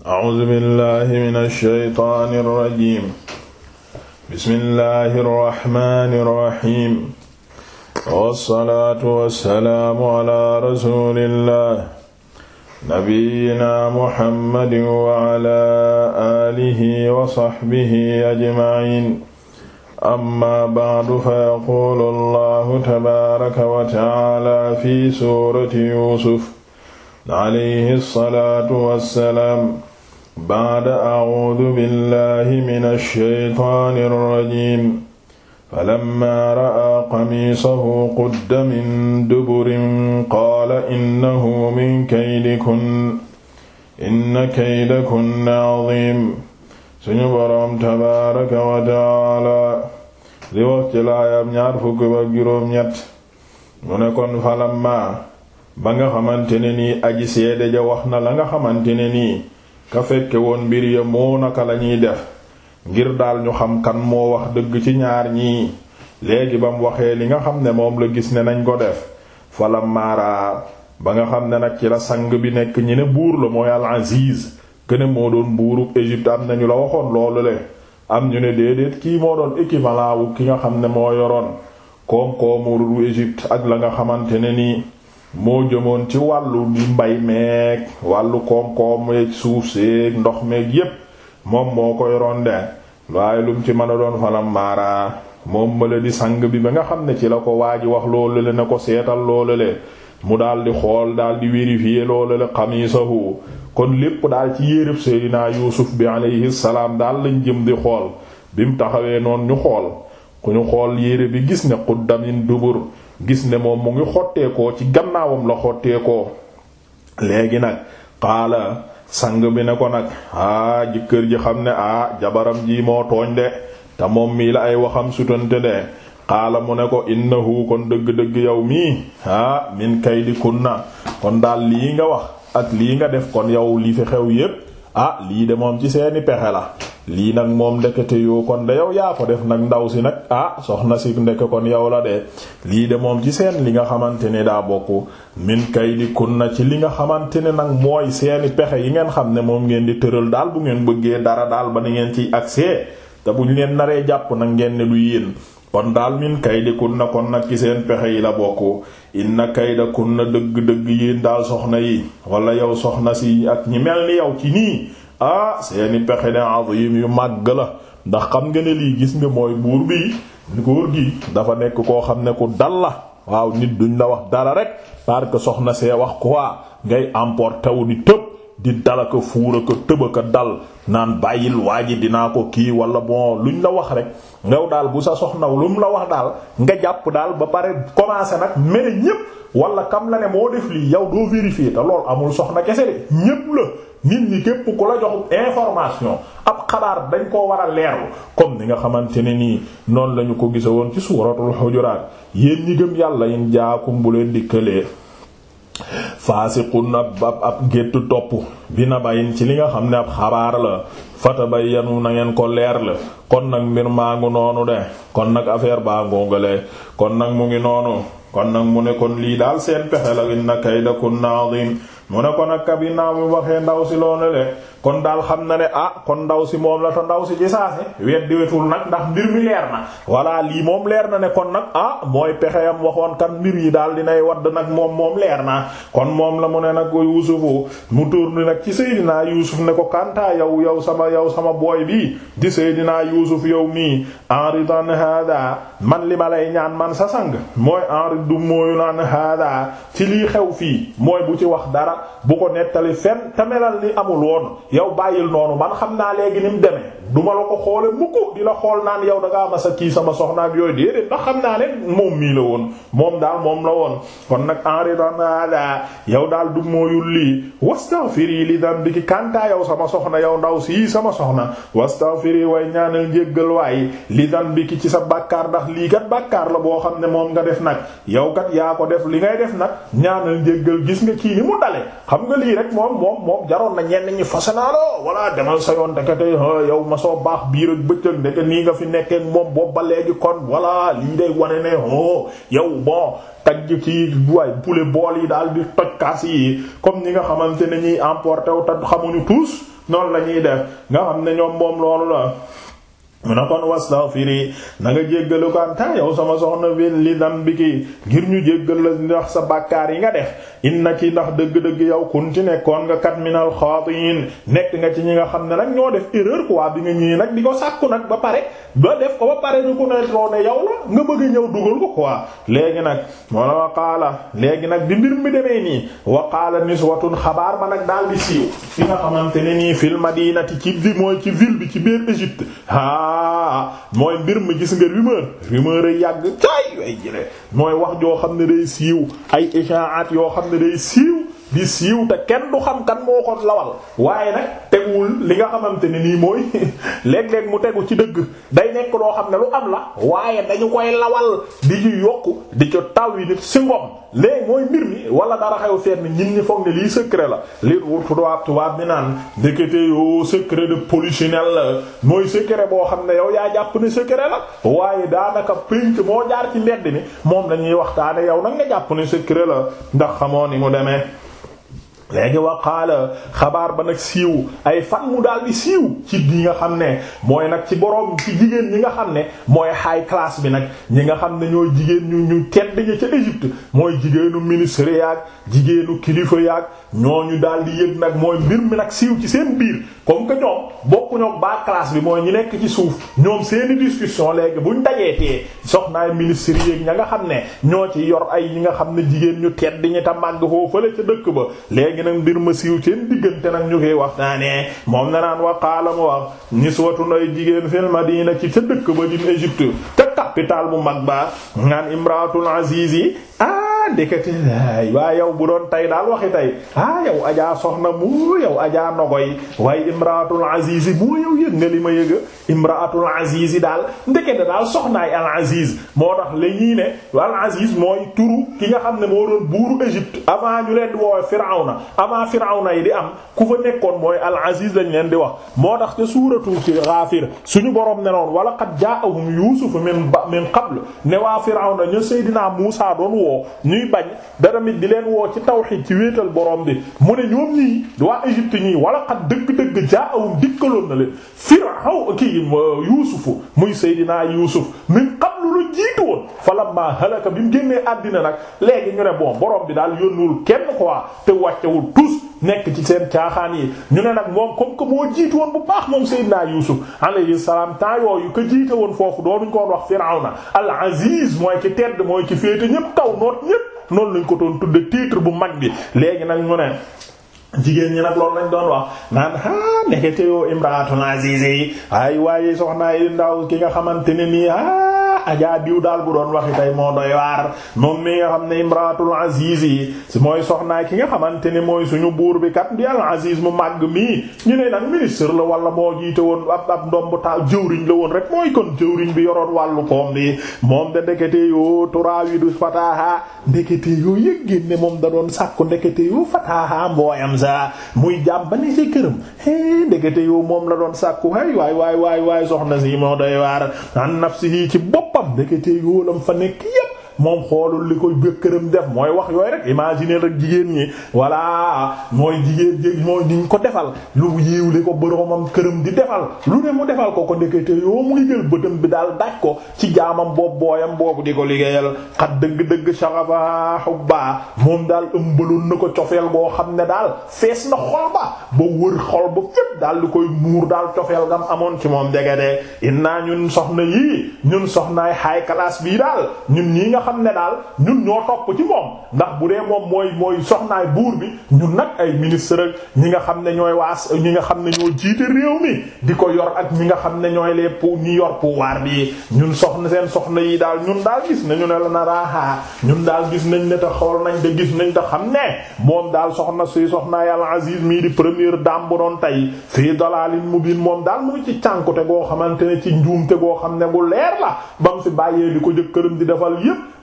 A'uuzu billaahi mina shaytaani rajiim. Bismillaahi rahmaani rahiim. Wassalaatu wassalaamu alaa rasuulillaah. Nabiyyinaa Muhammadin wa alaa aalihi wa sahbihi ajma'iin. Ammaa ba'du fayaquulu Allaahu tabaaraka wa ta'aalaa fi suurati Yuusuf alayhi salaatu wassalaam. baada acuudu billahi min alsheytaani alrajim falamma ra'aa qamiisahu qudda min duburin qaala innahu min kaydikun inna kaydakunna caziim suñu boroom tabaaraka wa tacaala li wax ci laayab ñaar fukki ba juróom-ñett mu ne kon falamma ba nga xamante ne nii aji seede ja wax na la nga xamante ne nii ka fekke woon mbir ya moo naka la ñuy def ngir daal ñu xam kan moo wax dëgg ci ñaar ñii léegi ba mu waxee li nga xam ne moom la gis ne nañ ko def fala maara ba nga xam ne nag ci la sang bi nekk ñi ne buur la mooy al aziz gëne moo doon buurub Égypte am nañu la waxoon loolu le am ñu ne déedéet kii moo doon équivalent wu ki nga xam ne moo yoroon koom-koomu Égypte ak la nga xamante ne nii moo jëmoon ci wàllu bi mbay meeg wàllu koom-koom yeeg suuf seeg ndox meeg yépp moom moo ko yoroon de waaye lum ci mën a doon falam maara moom mala di sang bi ba nga xam ne ci la ko waa ji wax loolu le ne ko seetal loolu le mu daal di xool daal di vérifier loolu le xamiisahu kon lépp daal ci yérëb Seydina Yuusuf bi alayhi salaam daal lañ jëm di xool bi mu taxawee noonu ñu xool ku ñu xool yére bi gis ne quddamin dubur gis ne moom mu ngi xotteekoo ci gannaawam la xotteekoo léegi nag xaala sang bi ne ko nag aa jëkkër ji xam ne aa jabaram ji moo tooñ de te moom mii la ay waxam sutante de xaala mu ne ko innahu kon dëgg-dëgg yow mii aa min kay di kunna kon daal lii nga wax ak lii nga def kon yow li fi xew yépp ah lii de moom ci seeni pexe la lii nag moom ndekete yoo kon de yow yaa ko def nag ndaw si nag ah soxna si ndeke kon yow la de lii de moom ci seen li nga xamante ne daa bokk min kay di kun na ci li nga xamante ne nag mooy seeni pexe yi ngeen xam ne moom ngeen di tëral daal bu ngeen bëggee dara daal ba ni ngeen ci accès te bu ñu leen naree jàpp nag ngeen ne du yéen kon daal min kay di kun na kon nag ci seen pexe yi la bokk inna kay da kun na dëgg-dëgg yéen daal soxna yi wala yow soxna si ci nii ah seeni pexe de yu màgg la ndax xam nga ne lii gis nga mooy buur bii góor gi dafa nekk koo xam ne ku dal la waaw nit duñ la wax dara rek parce soxna see wax waa ngay emporter wu ni tëb di dalaka fuura ko tëbaka dal naan bàyyil waa ji dinaa ko kii wala bon luñ la wax rek ngaw daal bu sa soxnaw lu mu la wax daal nga jàpp daal ba pare commencé nag mere ñépp wala kam la ne moo def lii yow doo vérifier te loolu amul soxna kese de ñépp la nit ñi képp ku la jox information ab xabaar dañ koo war a leerlu comme ni nga xamante ne nii noonu la ko gisa woon ci suuratul xujuraat yéen ñi gëm yàlla yin jaakum bu leen dikkalee faasiqun ba ab géttu topp bi na ci li nga xam ne ab xabaar la fatabayyanu na ngeen ko leer la kon nag mbir maa ngu noonu de kon nag affaire baa ngoogale kon nag mu ngi noonu kon nag mu ne kon lii daal seen pexe la inna kaydakunna azim mu ne ko nag ka naa bi waxee ndaw si loo le kon daal xam na ne ah kon ndaw si moom la te ndaw si ci saase weddi wetul nag ndax mbir mi leer na voilà lii moom leer na ne kon nag ah mooy pexeyam waxoon kan mbir yi daal dinay wadd nag moom moom leer naa kon moom la mu ne nag yuusufu mu tourne nag ci Seydina Yuusuf ne ko kantaa yow yow sama yow sama booy bi di dinaa Yuusuf yow mii enridan hada man li ma lay ñaan man sa sang mooy enri du lii xew fii mooy bu ci wax dara bu ko nettali fenn te melal li amul woon yow bàyyil noonu man xam naa léegi ni mu demee duma la ko xoole mukk di la xool naan yow da ngaa mas a kii sama soxna ak yooyu déedéet ndax xam naa ne moom mii la woon moom daal moom la woon kon nag enridanada yow daal du mooyul lii wastaghfiri li dambiki kantaa yow sama soxna yow ndaw sii sama soxna wastaghfiri way ñaanal njéggal waay li dambiki ci sa bàkkaar ndax lii kat bàkkaar la boo xam ne moom nga def nag yow kat yaa ko def li ngay def nag ñaanal njéggal gis nga kii ni mu dale xam nga lii rek moom moom moom jaroon na ñenn ñi fasanaaloo wala sa yoon te yow soo baax biir ak bëccëg ndeke nii nga fi nekkee moom boobu ba léegi kon voilà lii day wane ne oh yow bon tagg ci waaye poulet bool yi daal di toj kaas yi comme ñi nga xamante ne ñuy emporté wu te xamuñu tous noonu la ñuy def nga xam ne ñoom moom loolu la. mu ne kon wastaghfiri na nga jéggalu ko anta yow sama soxna bi li dambiki ngir ñu jéggal la ndax sa bakkaar yi nga def innaki ndax dëgg-dëgg yow kunti nekkoon nga kat minal xaatiin nekk nga ci ñi nga xam ne nag ñoo def erreur quoi bi nga ñëwee nag di ko sàkku nag ba pare ba def ko ba pare ñu ko netroo ne yow la nga bëgg a ñëw dugal ko quoi léegi nag moo la waqaala léegi nag bi mbir mi demee nii waqaala niswatun xabaar ba nag daal di siiw fi nga xamante ne nii ci bi mooy ci ville bi ci biir Égypte aa mooy mbir ma gis nga rumeur rumeur ay yàgg caay ay jëlee mooy wax joo xam ne day siiw ay échange yoo xam ne day siiw di siiw te kenn du xam kan moo ko lawal waaye nag teguwul li nga xamante ni nii mooy léeg-léeg mu tegu ci dëgg day nekk loo xam ne lu am la waaye dañu koy lawal di yokk di ci taw yi nit si ngom léegi mooy mbir mi wala dara xew fenn ñin ñi foog ne lii secret la li tubaab tubaab bi naan ndekete yoo secret de polichinelle la mooy secret boo xam ne yow yaa jàpp ne secret la waaye daanaka pénc moo jaar ci mbedd mi moom dañuy waxtaane yow nag nga jàpp ne ndax xamoo ni mu demee léegi waqaala xabaar ba nag siiw ay fan mu daal di siiw ci ñi nga xam ne mooy nag ci boroom ci jigéen ñi nga xam ne mooy xaay class bi nag ñi nga xam ne ñooy jigéen ñu ñu tedd ñi ca mooy jigéenu ministre yaag jigéenu kilifa yaag ñooñu daal di yëg nag mooy mbir mi nag siiw ci seen biir comme que ñoom ba classe bi mooy ñi nekk ci suuf ñoom seeni discussion léegi buñ dajeetee soxnaay ministre yeeg ña nga xam ne ñoo ci yor ay ñi nga xam ne jigéen ñu tedd ñi ta màgg foofu fële ca dëkk ba léegi léegi mbir ma siiw seen diggante nag ñu koy waxtaanee moom na naan waqaala mu wax niswatun ay jigéen fil madina ci ca dëkk ba di Égypte te capitale bu mag ba ngaan imraatul azizi ah ndekete laay waaye yow bu doon tey daal waxi tey ah yow ajaa soxna mu yow ajaa nogoy waaye imraatul azizi moo yow yëg nga li ma yëga imraatul azizi daal ndekete daal soxnaay al aziz moo tax la ñii ne al aziz mooy ki nga xam ne moo doon buuru Égypte avant ñu leen di woowe firawna avant firawna yi di am ku fa nekkoon mooy al aziz lañ leen di wax moo tax te suuratu Gaafir ñu borom ne noon wala qad jaa'ahum yuusufu min min qabl ne waa firawna ñu seydinaa Muusaa doon woo ñuy bañ daramit di leen woo ci tawxiid ci wéetal borom bi mu ne ñoom ñii waa Égypte ñii wala xat dëgg-dëgg jaa'ahum dikkaloon na leen firaw kii yuusufu muy seydinaa yuusuf min qablu lu jiitu woon falamma halaka bi mu génnee àddina nag léegi ñu ne bon borom bi daal yónnuwul kenn quoi te wàccewul tous nekk ci seen caaxaan yi ñu ne nag moom comme que moo jiitu woon bu baax moom seydinaa yuusuf alayhi salaam temps yooyu ko jiite ko wax firawna al aziz mooy ci tedd mooy ci féete ñépp kaw noot ñépp noonu lañ ko doon tudde tiitre bu mag bi léegi nag mu ne jigéen ñi nag loolu lañ doon wax naan ah nekkete yoo imraatul aziz yi ay waaye soxnaay ndaw ki nga xamante ne nii ah ajaa diw daal bu doon waxi tey moo doy waar moom mi nga xam ne imraatul aziz yi mooy soxnaay ki nga xamante ne mooy suñu buur bi kat di al aziz mu màgg mii ñu ne nag ministre la wala moo jiite woon ab ab ndomb taal jëwriñ la woon rek mooy kon jëwriñ bi yoroon wàllu koom bi moom de ndekete yoo turaawidu fataaha ndekete yoo yëg génne moom da doon sàkku ndekete yoo fataaha mbooyam sa muy jàmm ba ne ci këram hee ndekete yoo moom la doon sàkku hay waay waay waay waay soxna si moo doy waar an nafsihi ci bopp boppam ndekete yoo lam fa nekk moom xoolul li koy jëkkëram def mooy wax yooyu rek imaginer rek jigéen ñi voilà mooy jigéen jég mooy niñ ko defal lu yiiw li ko boroomam këram di defal lu ne mu defal ko ko ndekete yoo mu ngi jël bi daal daaj ko ci jaamam boobu booyam boobu di ko liggéeyal xat dëgg-dëgg shagaba hubba moom daal ëmbaloon na ko cofeel boo xam ne daal fees na xol ba ba wër xol ba fépp daal li koy muur daal cofeel gam amoon ci moom degede in naa ñun soxna yii ñun soxnaay high class bii daal ñun ñii nga xam ne daal ñun ñoo topp ci moom ndax bu dee moom mooy mooy soxnaay buur bi ñun nag ay ministre ñi nga xam ne ñooy waas ñi nga xam ne ñoo jiite di ko yor ak ñi nga xam ne ñooy les pour ñi yor pouvoir bi ñun soxna seen soxna yi daal ñun daal gis nañu ne la na raaxaa ñun daal gis nañ ne te xool nañ te gis nañ te xam ne moom daal soxna suy soxnaay al aziz mii di première dame bu doon tey fii mu mubin moom daal mu ngi ci cànkute goo xamante ne ci njuumte goo xam ne bu leer la bam fi bàyyee ko jëkkëram di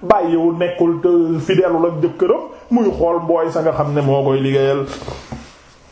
bàyyiwul nekkul fidèle ak jëkkëram muy xool mbooy sa nga xam ne moo koy liggéeyal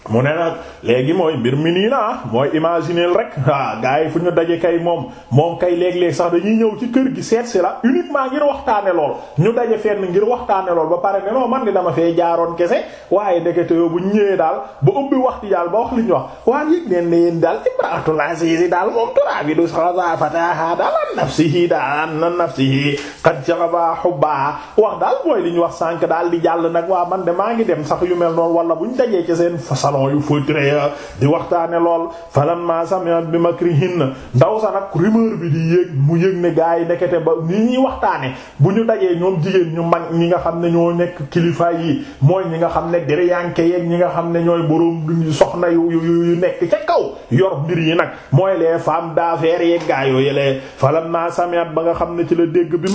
mu ne nag léegi mooy mbir mi nii na ah, mooy imaginer rek ah gars yi fu ñu daje kay moom moom kay léeg-léeg sax dañuy ñëw ci kër gi seet si la uniquement ngir waxtaane lool ñu daje fenn ngir waxtaane lool ba pare ne non man di dama fee jaaroon kese waaye ndekete yoo bu ñëwee daal ba ubbi waxti daal ba wax li ñu wax waaye yëg neen ne yéen daal imraatul azizi daal moom turaabidu saxaba fataha daal an nafsihi daal an nafsihi qad jaxaba hubba wax daal mooy li ñu wax sànq daal di jàll nag waa man de maa ngi dem sax yu mel noonu wala buñ dajee ci seen fasal salon yu feutré ya di waxtaane lool falamma sami'a bi makrihinna ndaw sa nag rumeur bi di yéeg mu yéeg ne gaa yi ndekete ba ni ñuy waxtaane bu ñu dajee ñoom jigéen ñu mag ñi nga xam ne ñoo nekk kilifa yi mooy ñi nga xam ne diriyanke yeeg ñi nga xam ne ñooy boroom soxna yu yu nekk ca kaw yor mbir yi nag mooy les femmes d'affaires yeeg gaa yooyu lee falamma sami'a ba nga xam ne ci la dégg bi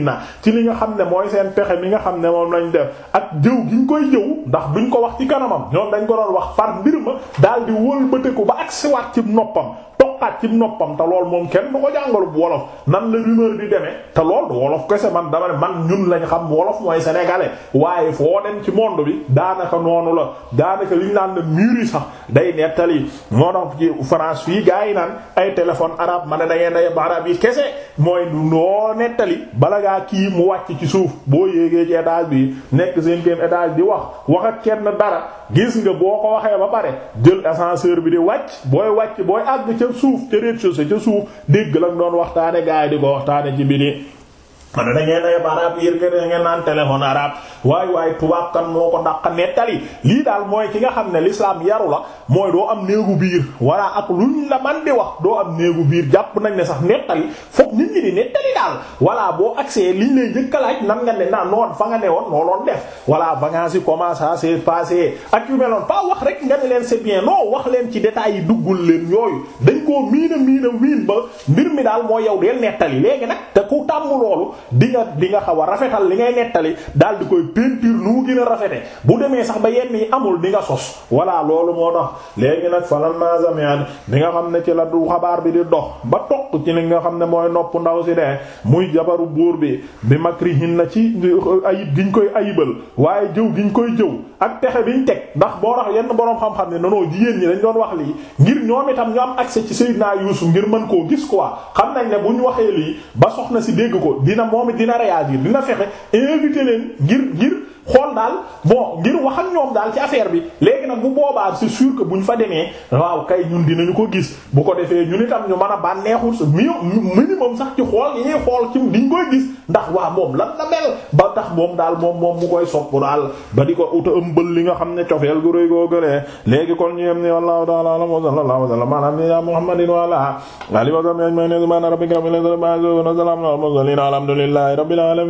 na ci li nga xam ne mooy seen pexe mi nga xam ne moom lañu def ak jëw gi koy jëw ndax duñ ko wax ci kanamam wax far mbir ma daal di wëlbateeku ba ak siwaat ci noppam toqaat ci noppam te lool moom kenn du ko jàngalu bu wolof nan la rumeur di demee te lool wolof kese man dama ne man ñun lañ xam wolof mooy sénégalais waaye foo dem ci monde bi daanaka noonu la daanaka liñ naan ne mur yi sax day nettali moo tax ci France fii gaa yi naan ay téléphone arabe ma ne da ngeen ay arabe yi kese mooy noo nettali bala ngaa kii mu wàcc ci suuf boo yéegee ci étage bi nekk cinquième étage di wax wax ak kenn dara gis nga boo ko waxee ba pare jël ascenseur bi di wàcc booy wàcc booy àgg ca suuf ca rez-de-chaussée ca suuf dégg la doon waxtaane gaay di ko waxtaane ci biir man da ngeen ay arabe yéen da ngeen naan téléphone arabe waay waay tubaab kan moo ko dàq nettali lii daal mooy ki nga xam ne l'islam yaru la mooy doo am néegu biir walla ak luñ la man di wax doo am néegu biir jàpp nañ ne sax nettali fokk nit ñi di nettali daal walla boo agsee liñ lay njëkkalaaj nan nga ne na noon fa nga ne woon nooloon def walla ba yi comment ça s'est passé ak yu meloon pas wax rek nga ne leen c'est bien wax leen ci détails yi duggul leen yooyu koo miina miina miin moo yow deel nettali léegi nag te ku tàmm loolu di nga nga xaw a rafetal li ngay nettali daal di koy peinture nu mu gën a rafete demee sax ba yenn yi amul di nga sos voilà loolu moo tax léegi nag falal mazamian bi nga xam ne ci la xabaar bi di dox ba toq ci li nga xam ne mooy nopp ndaw si de muy jabaru buur bi bi makrihin na ci ayib giñ koy ayibal waaye jëw giñ koy jëw ak pexe biñ teg ndax boo tax yenn boroom xam-xam ne nonoo jigéen ñi dañ doon wax lii ngir ñoom itam ñu am accès ci Seydina Yuusuf ngir mën koo gis quoi xam nañ ne bu ñu waxee lii ba soxna si dégg ko dina moom it dina réagir dina fexe invité leen ngir ngir. xool daal bon ngir wax ak ñoom daal ci affaire bi léegi nag bu boobaa c'est sûr que bu ñu fa demee waaw kay ñun dinañu ko gis bu ko defee ñun itam ñu mën a bànneexul sa minimum sax ci xool yi xool ci diñ koy gis ndax waa moom lan la mel ba tax moom daal moom moom mu koy sopp ba di ko uta ëmbal li nga xam ne cofeel gu rëy goo gëlee léegi kon ñu yem ni wallahu ta'ala alam wa sallallahu wa sallam ala nabiyyina muhammadin wa ala alihi wa sahbihi ajma'in subhana rabbika rabbil izzati amma yasifun wa salamun ala al mursalin